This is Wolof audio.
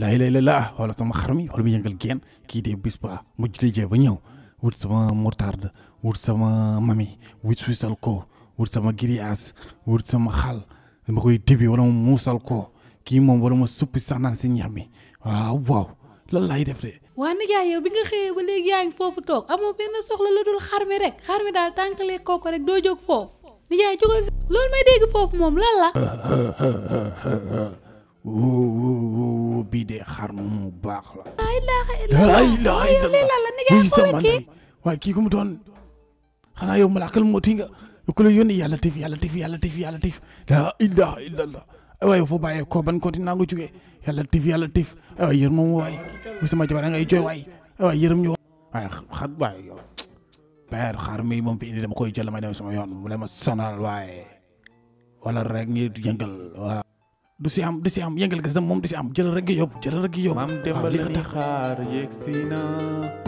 la ilaaha illallaah wala sama xar mi wala mu yëngal geen kii dee bis ba mujj di jee ba ñëw wut sama moutarde wut sama mami wut suusal ko wut sama grillage wut sama xal dama koy dibi ko kii moom wala ma suppi sax naan waa nijaay yow bi nga xëyee ba léegi yaa ngi foofu toog amoo benn soxla lu dul xar mi rek xar mi daal tànkalee kooku rek doo jóg foofu nijaay jógal loolu may dégg foofu moom lan vidéo bii de xar mu baax la. laa ilaaha illallaah waaye kii ku mu doon xanaa yow malaakal mawti nga ku la yónni yàlla tif yàlla tif yàlla tif yàlla tif laa ilaaha illallaah waaye foo bàyyee ko ban côté naa nga jógee yàlla tif yàlla tif waaye yërëm moom waay bi sama jabar ngay jooy waay waaye yërëm ñu waaye xar waaye yow père xar mi moom fi indi dama koy jël ma dem sama yoon mu la ma sonal waaye wala rek ñu jëngal waaw du si am du si am yëngal gis moom du si am jëlal rek gi yóbbu jëlal rek gi yóbbu. maam Demba li xaar yegg si